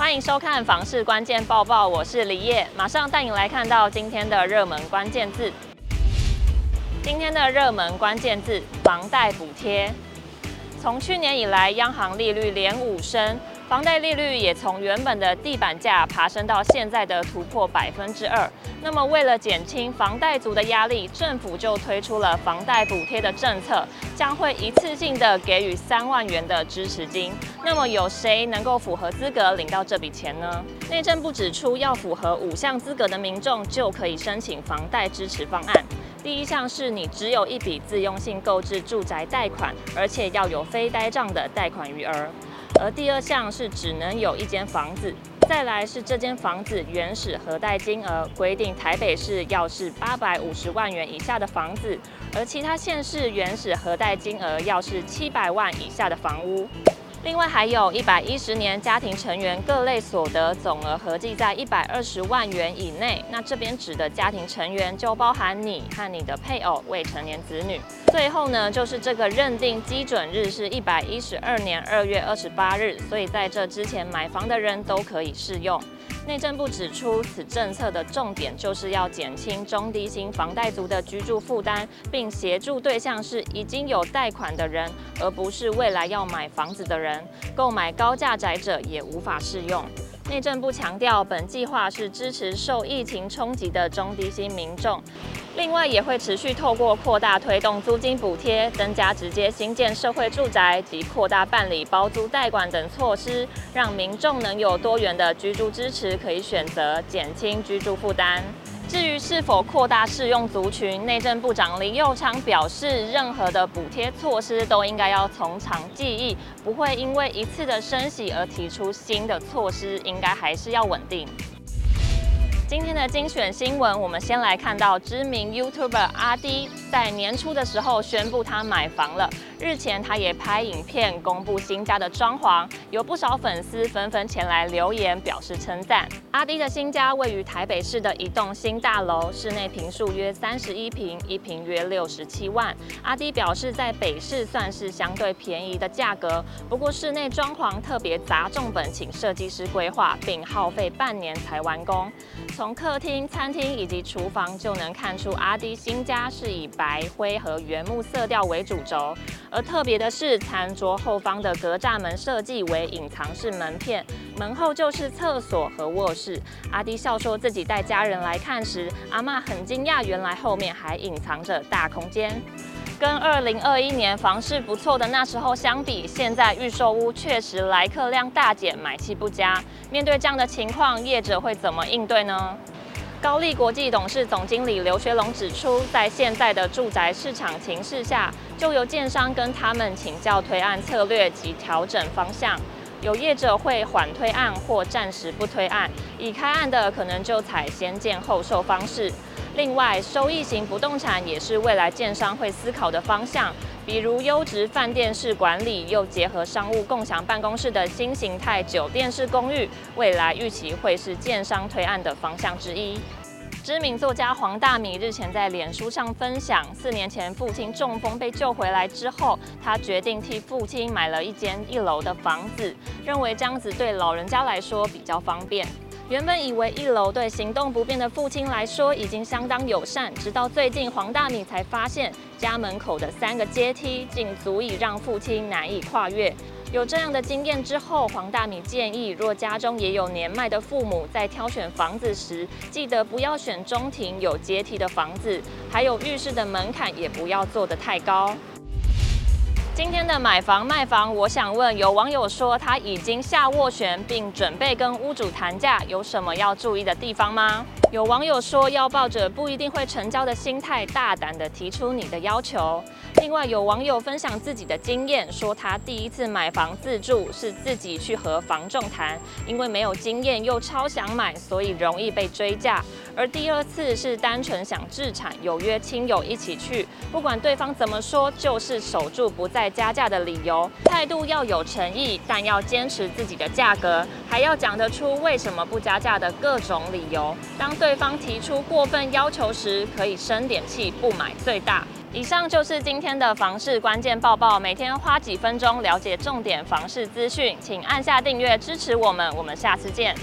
歡迎收看《房市關鍵報報》，我是李燁，馬上帶你來看到今天的熱門關鍵字。今天的熱門關鍵字：房貸補貼。從去年以來，央行利率連五升，房貸利率也從原本的地板價爬升到現在的突破百分之二。那麼，為了減輕房貸族的壓力，政府就推出了房貸補貼的政策，將會一次性的給予三萬元的支持金。那麼有誰能夠符合資格領到這筆錢呢？內政部指出，要符合五項資格的民眾就可以申請房貸支持方案。第一項是你只有一筆自用性購置住宅貸款，而且要有非呆賬的貸款餘額。而第二項是只能有一間房子。再來是這間房子原始核貸金額，規定台北市要是八百五十萬元以下的房子，而其他縣市原始核貸金額要是七百萬以下的房屋。另外還有一百一十年家庭成員各類所得總額合計在一百二十萬元以內。那這邊指的家庭成員就包含你和你的配偶、未成年子女。最後呢，就是這個認定基準日是一百一十二年二月二十八日，所以在這之前買房的人都可以適用。內政部指出，此政策的重點就是要減輕中低薪房貸族的居住負擔，並協助對象是已經有貸款的人，而不是未來要買房子的人。購買高價宅者也無法適用。內政部強調，本計劃是支持受疫情衝擊的中低薪民眾，另外也會持續透過擴大推動租金補貼、增加直接興建社會住宅及擴大辦理包租代管等措施，讓民眾能有多元的居住支持，可以選擇減輕居住負擔。至於是否擴大適用族群，內政部長林右昌表示，任何的補貼措施都應該要從長計議，不會因為一次的升息而提出新的措施，應該還是要穩定。今天的精選新聞，我們先來看到知名 YouTuber 阿滴。在年初的時候宣布他買房了。日前他也拍影片公布新家的裝潢，有不少粉絲紛紛前來留言表示稱讚。阿滴的新家位於台北市的一棟新大樓，室內坪數約三十一坪，一坪約六十七萬。阿滴表示在北市算是相對便宜的價格，不過室內裝潢特別砸重本，請設計師規劃，並耗費半年才完工。從客廳、餐廳以及廚房就能看出阿滴新家是以。白灰和原木色調為主軸，而特別的是，餐桌後方的格柵門設計為隱藏式門片，門後就是廁所和臥室。阿滴笑說自己帶家人來看時，阿嬤很驚訝，原來後面還隱藏着大空間。跟二零二一年房市不錯的那時候相比，現在預售屋確實來客量大減，買氣不佳。面對這樣的情況，業者會怎麼應對呢？高力國際董事總經理劉學龍指出，在現在的住宅市場情勢下，就由建商跟他們請教推案策略及調整方向。有業者會緩推案或暫時不推案，已開案的可能就採先建後售方式。另外，收益型不動產也是未來建商會思考的方向。比如優質飯店式管理又結合商務共享辦公室的新形態酒店式公寓，未來預期會是建商推案的方向之一。知名作家黃大米日前在臉書上分享，四年前父親中風被救回來之後，他決定替父親買了一間一樓的房子，認為這樣子對老人家來說比較方便。原本以為一樓對行動不便的父親來說已經相當友善，直到最近黃大米才發現家門口的三個階梯竟足以讓父親難以跨越。有這樣的經驗之後，黃大米建議，若家中也有年邁的父母，在挑選房子時，記得不要選中庭有階梯的房子，還有浴室的門檻也不要做得太高。今天的買房賣房，我想問，有網友說他已經下斡旋，並準備跟屋主談價，有什麼要注意的地方嗎？有網友說要抱着不一定會成交的心態，大膽地提出你的要求。另外，有網友分享自己的經驗，說他第一次買房自住是自己去和房仲談，因為沒有經驗又超想買，所以容易被追價。而第二次是單純想置產，有約親友一起去，不管對方怎麼說，就是守住不再加價的理由。態度要有誠意，但要堅持自己的價格。還要講得出為什麼不加價的各種理由。當對方提出過分要求時，可以生點氣不買最大。以上就是今天的房市關鍵報報。每天花幾分鐘了解重點房市資訊，請按下訂閱支持我們。我們下次見。